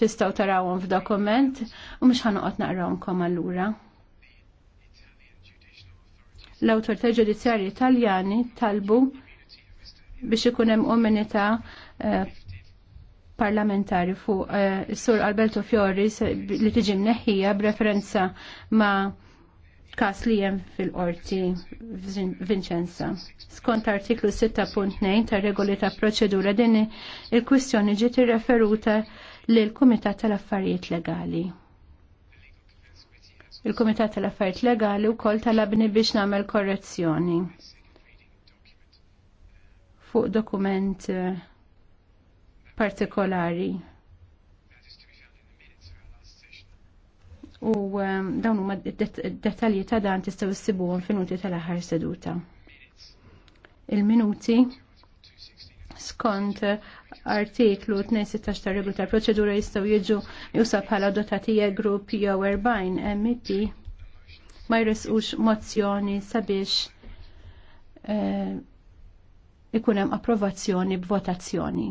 tistaw tarawhom f'dokument u mhux ħanoqgħod naqrawhom allura. L-awtorità ġudizzjarji Taljani talbu biex ikun hemm omenità eh, parlamentari fuq is-sur eh, Alberto Fiori li tiġi mneħħija b'referenza ma' kas li jem fil-qorti Vincenza. Skont artiklu 6.2 ta' regoli ta' proċedura dini, il-kwistjoni ġiet irreferuta l kumitat tal-Affarijiet Legali. Il-Kumitat tal-Affarijiet Legali wkoll talabni biex nagħmel korrezzjoni fuq dokument eh, partikolari. U eh, dawn huma dettalji ta' dan tistgħu issibuhom fil-minuti tal-aħħar seduta. Il-minuti skont artiklu 16 ta' reglu tal-proċedura jistgħu jiġu jusab bħala dotatija grupp jew erbajn MEP ma jresqux mozzjoni sabiex eh, ikun hemm approvazzjoni b'votazzjoni.